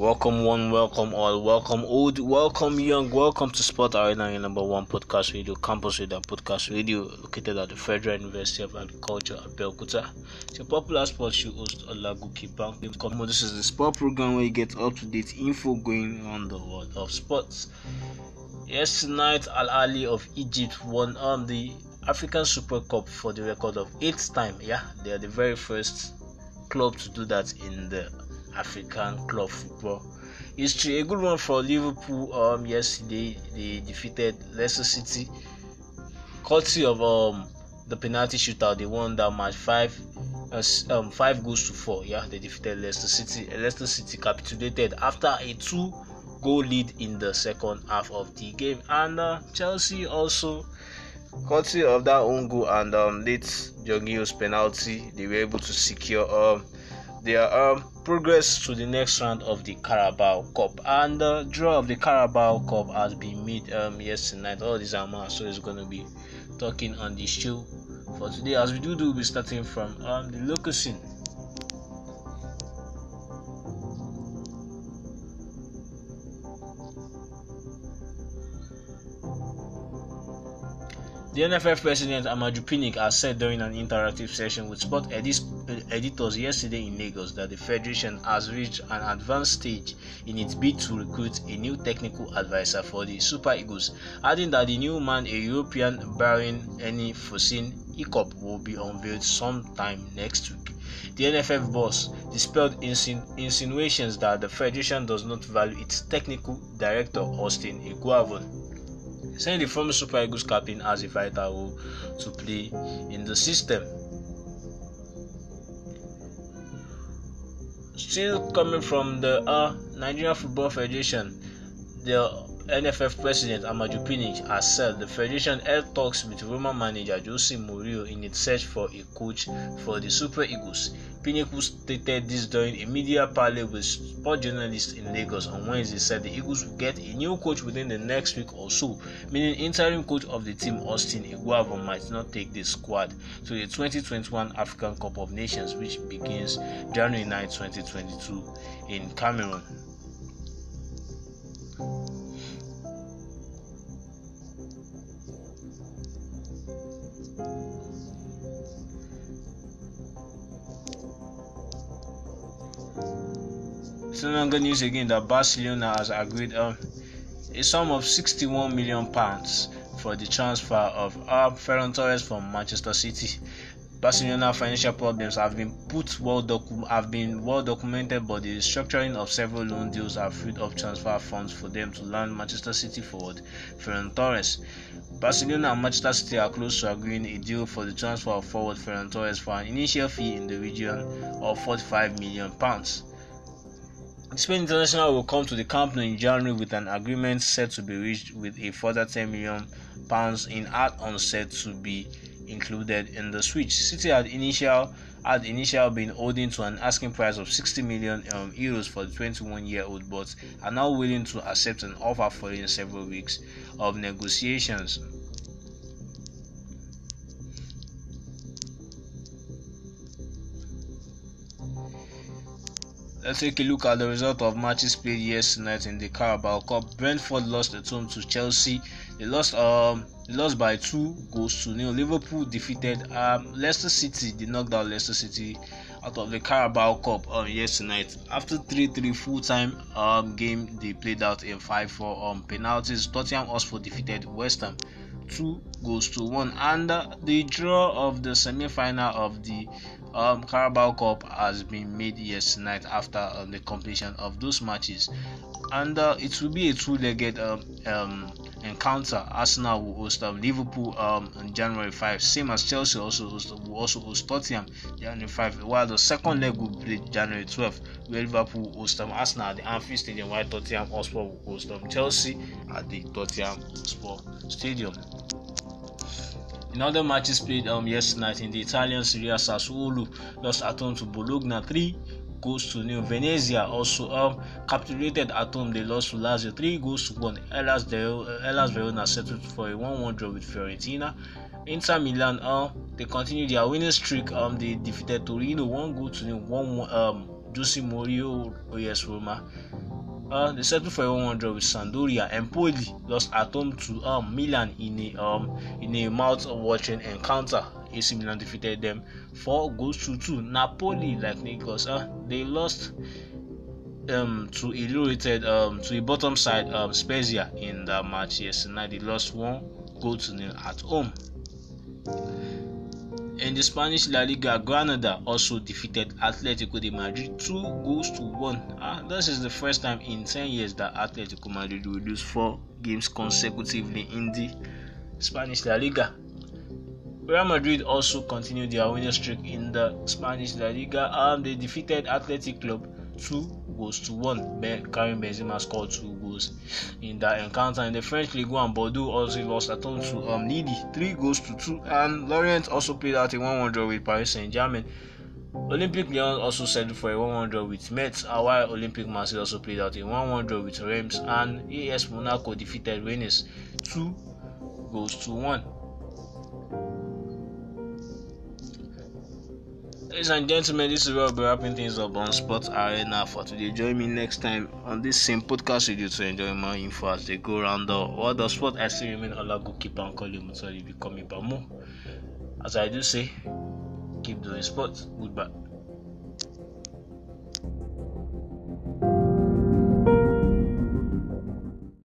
Welcome one, welcome all, welcome old, welcome young, welcome to Sport Arena, your number one podcast radio, campus radio, podcast radio, located at the Federal University of Agriculture at Belkuta. It's a popular sports show host, Olaguki Bank. This is the sport program where you get up-to-date info going on the world of sports. Yes, tonight Al Ali of Egypt won on um, the African Super Cup for the record of eighth time. Yeah, they are the very first club to do that in the African Club Football. History a good one for Liverpool. Um, yesterday they defeated Leicester City, courtesy of um the penalty shootout. They won that match five uh, um, five goals to four. Yeah, they defeated Leicester City. Leicester City capitulated after a two goal lead in the second half of the game, and uh, Chelsea also courtesy of that own goal and um, late Jorginho's penalty, they were able to secure um, their um, progress to the next round of the Carabao Cup. And the draw of the Carabao Cup has been made um, yesterday night. All these amounts, so it's going to be talking on this show for today. As we do, do, we'll be starting from um, the local scene. The NFF president Amadou Pinnick has said during an interactive session with sport edis, editors yesterday in Lagos that the federation has reached an advanced stage in its bid to recruit a new technical advisor for the Super Eagles, adding that the new man, a European barring any foreseen hiccup, will be unveiled sometime next week. The NFF boss dispelled insinu- insinuations that the federation does not value its technical director, Austin Iguavon saying the former Super Eagles captain has a vital role oh, to play in the system. Still coming from the uh, Nigerian Football Federation, the NFF President Amadou Pinic has said the federation held talks with Roma manager Jose Mourinho in its search for a coach for the Super Eagles. Pinic, who stated this during a media parley with sport journalists in Lagos on Wednesday, said the Eagles will get a new coach within the next week or so, meaning interim coach of the team Austin Iguavo might not take the squad to the 2021 African Cup of Nations, which begins January 9, 2022 in Cameroon. It's no longer news again that Barcelona has agreed on a sum of 61 million pounds for the transfer of Arab Ferran Torres from Manchester City. Barcelona financial problems have been put well docu- have been well documented, but the structuring of several loan deals have freed up transfer funds for them to land Manchester City forward Ferran Torres. Barcelona and Manchester City are close to agreeing a deal for the transfer of forward Ferran Torres for an initial fee in the region of 45 million pounds. Spain International will come to the Camp Nou in January with an agreement set to be reached with a further 10 million pounds in add-on set to be included in the switch. City had initial had initial been holding to an asking price of 60 million um, euros for the 21-year-old, but are now willing to accept an offer following several weeks of negotiations. Let's take a look at the result of matches played yesterday night in the Carabao Cup. Brentford lost at home to Chelsea. They lost um they lost by two goals to nil. Liverpool defeated um Leicester City. They knocked out Leicester City out of the Carabao Cup um, yesterday night. After 3-3 full-time um, game, they played out a 5-4 um, penalties. Tottenham Hotspur defeated West Ham 2 goals to 1 and uh, the draw of the semi-final of the um, Carabao Cup has been made yesterday night after uh, the completion of those matches and uh, it will be a two-legged um, um encounter. Arsenal will host um, Liverpool um, on January 5, same as Chelsea also host, um, will also host Tottenham January 5, while the second leg will be January 12, where Liverpool will host um, Arsenal at the Anfield Stadium, while Tottenham Hotspur will host um, Chelsea at the Tottenham Hotspur Stadium. In other matches played um, yesterday night in the Italian Serie A, Sassuolo lost at home to Bologna 3 goals to nil. Venezia also um, capitulated at home. They lost to Lazio three goals to one. Hellas, Elas Verona settled for a one-one draw with Fiorentina. Inter Milan um, they continue their winning streak. Um, they defeated Torino one goal to nil. One um, Jose Mourinho AS Roma. Uh, they settled for draw with Sampdoria. Empoli lost at home to um, Milan in a um, in a mouth-watering encounter. AC Milan defeated them four goals to two. Napoli, like Nikos, uh, they lost um, to a related um, to a bottom side um, Spezia in that match. yesterday. they lost one goal to nil at home. In the Spanish La Liga, Granada also defeated Atletico de Madrid two goals to one. Ah, this is the first time in 10 years that Atletico Madrid will lose four games consecutively in the Spanish La Liga. Real Madrid also continued their winning streak in the Spanish La Liga and they defeated Athletic Club two goals to one. Karim Benzema scored two goals in that encounter. In the French League, 1, Bordeaux also lost at home to um, Lille, three goals to two, and Lorient also played out a 1-1 draw with Paris Saint-Germain. Olympic Lyon also settled for a 1-1 draw with Metz, while Olympic Marseille also played out a 1-1 draw with Reims, and AS Monaco defeated Rennes two goals to one. Ladies and gentlemen, this is where we'll be wrapping things up on Sports Arena for today. Join me next time on this same podcast with you to enjoy more info as they go round the world of sport. I still remain Allah goalkeeper and call you become becoming Bamu. As I do say, keep doing sports. Goodbye.